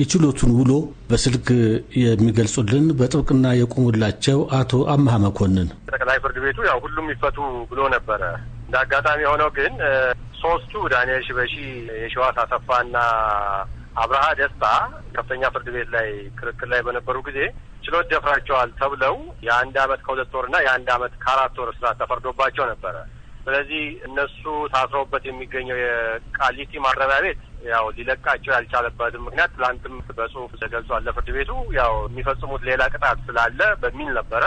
የችሎቱን ውሎ በስልክ የሚገልጹልን በጥብቅና የቆሙላቸው አቶ አመሀ መኮንን ጠቅላይ ፍርድ ቤቱ ያው ሁሉም ይፈቱ ብሎ ነበረ። እንደ አጋጣሚ የሆነው ግን ሶስቱ ዳንኤል ሽበሺ፣ የሸዋስ አሰፋና አብርሃ ደስታ ከፍተኛ ፍርድ ቤት ላይ ክርክር ላይ በነበሩ ጊዜ ችሎት ደፍራቸዋል ተብለው የአንድ አመት ከሁለት ወርና የአንድ አመት ከአራት ወር እስራት ተፈርዶባቸው ነበረ። ስለዚህ እነሱ ታስረውበት የሚገኘው የቃሊቲ ማረሚያ ቤት ያው ሊለቃቸው ያልቻለበትም ምክንያት ትላንትም በጽሁፍ ተገልጿል ለፍርድ ቤቱ ያው የሚፈጽሙት ሌላ ቅጣት ስላለ በሚል ነበረ።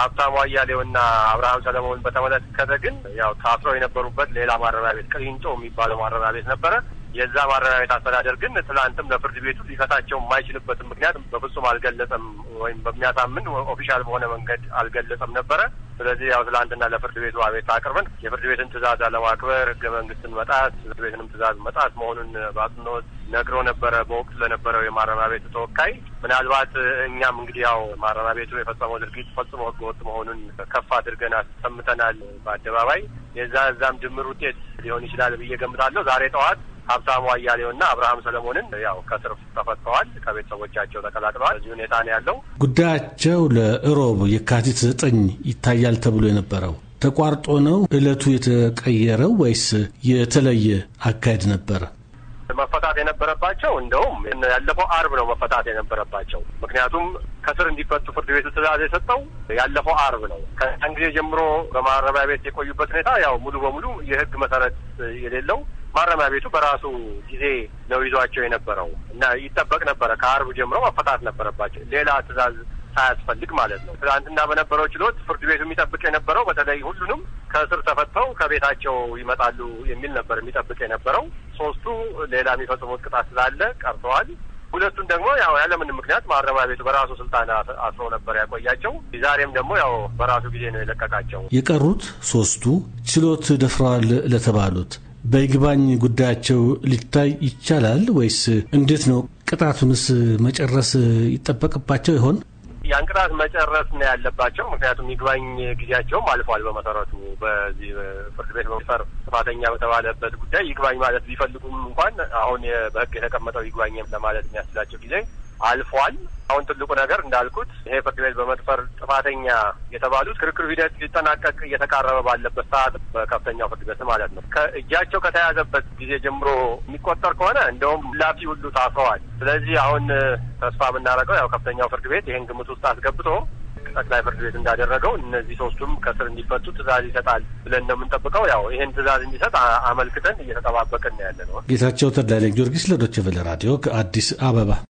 ሀብታሙ አያሌውና አብርሃም ሰለሞን በተመለከተ ግን ያው ታስረው የነበሩበት ሌላ ማረሚያ ቤት ቅሊንጦ የሚባለው ማረሚያ ቤት ነበረ። የዛ ማረሚያ ቤት አስተዳደር ግን ትላንትም ለፍርድ ቤቱ ሊፈታቸው የማይችልበትም ምክንያት በፍጹም አልገለጸም፣ ወይም በሚያሳምን ኦፊሻል በሆነ መንገድ አልገለጸም ነበረ። ስለዚህ ያው ትላንትና ለፍርድ ቤቱ አቤት አቅርበን የፍርድ ቤትን ትእዛዝ አለማክበር፣ ህገ መንግስትን መጣት ፍርድ ቤትንም ትእዛዝ መጣት መሆኑን በአጽንኦት ነግሮ ነበረ በወቅት ለነበረው የማረሚያ ቤቱ ተወካይ። ምናልባት እኛም እንግዲህ ያው ማረሚያ ቤቱ የፈጸመው ድርጊት ፈጽሞ ወጥ መሆኑን ከፍ አድርገን አሰምተናል በአደባባይ የዛ እዛም ድምር ውጤት ሊሆን ይችላል ብዬ ገምታለሁ ዛሬ ጠዋት ሀብታሙ አያሌው እና አብርሃም ሰለሞንን ያው ከትርፍ ተፈተዋል፣ ከቤተሰቦቻቸው ተቀላቅለዋል። እዚህ ሁኔታ ነው ያለው። ጉዳያቸው ለእሮብ የካቲት ዘጠኝ ይታያል ተብሎ የነበረው ተቋርጦ ነው እለቱ የተቀየረው ወይስ የተለየ አካሄድ ነበረ? መፈታት የነበረባቸው እንደውም ያለፈው አርብ ነው መፈታት የነበረባቸው። ምክንያቱም ከስር እንዲፈቱ ፍርድ ቤቱ ትዕዛዝ የሰጠው ያለፈው አርብ ነው። ከዚያን ጊዜ ጀምሮ በማረቢያ ቤት የቆዩበት ሁኔታ ያው ሙሉ በሙሉ የህግ መሰረት የሌለው ማረሚያ ቤቱ በራሱ ጊዜ ነው ይዟቸው የነበረው እና ይጠበቅ ነበረ። ከአርብ ጀምሮ መፈታት ነበረባቸው ሌላ ትዕዛዝ ሳያስፈልግ ማለት ነው። ትናንትና በነበረው ችሎት ፍርድ ቤቱ የሚጠብቅ የነበረው በተለይ ሁሉንም ከእስር ተፈተው ከቤታቸው ይመጣሉ የሚል ነበር የሚጠብቅ የነበረው። ሶስቱ ሌላ የሚፈጽሙት ቅጣት ስላለ ቀርተዋል። ሁለቱን ደግሞ ያው ያለምንም ምክንያት ማረሚያ ቤቱ በራሱ ስልጣን አስሮ ነበር ያቆያቸው። ዛሬም ደግሞ ያው በራሱ ጊዜ ነው የለቀቃቸው። የቀሩት ሶስቱ ችሎት ደፍረዋል ለተባሉት በይግባኝ ጉዳያቸው ሊታይ ይቻላል ወይስ እንዴት ነው? ቅጣቱንስ መጨረስ ይጠበቅባቸው ይሆን? ያን ቅጣት መጨረስ ነው ያለባቸው። ምክንያቱም ይግባኝ ጊዜያቸውም አልፏል። በመሰረቱ በዚህ ፍርድ ቤት በመፈር ጥፋተኛ በተባለበት ጉዳይ ይግባኝ ማለት ቢፈልጉም እንኳን አሁን በህግ የተቀመጠው ይግባኝ ለማለት የሚያስችላቸው ጊዜ አልፏል። አሁን ትልቁ ነገር እንዳልኩት ይሄ ፍርድ ቤት በመድፈር ጥፋተኛ የተባሉት ክርክር ሂደት ሊጠናቀቅ እየተቃረበ ባለበት ሰዓት በከፍተኛው ፍርድ ቤት ማለት ነው ከእጃቸው ከተያዘበት ጊዜ ጀምሮ የሚቆጠር ከሆነ እንደውም ላፊ ሁሉ ታስረዋል። ስለዚህ አሁን ተስፋ የምናደርገው ያው ከፍተኛው ፍርድ ቤት ይህን ግምት ውስጥ አስገብቶ ጠቅላይ ፍርድ ቤት እንዳደረገው እነዚህ ሶስቱም ከስር እንዲፈቱ ትእዛዝ ይሰጣል ብለን ነው የምንጠብቀው። ያው ይህን ትእዛዝ እንዲሰጥ አመልክተን እየተጠባበቅን ያለ ነው። ጌታቸው ተድላ ጊዮርጊስ ለዶይቼ ቬለ ራዲዮ ከአዲስ አበባ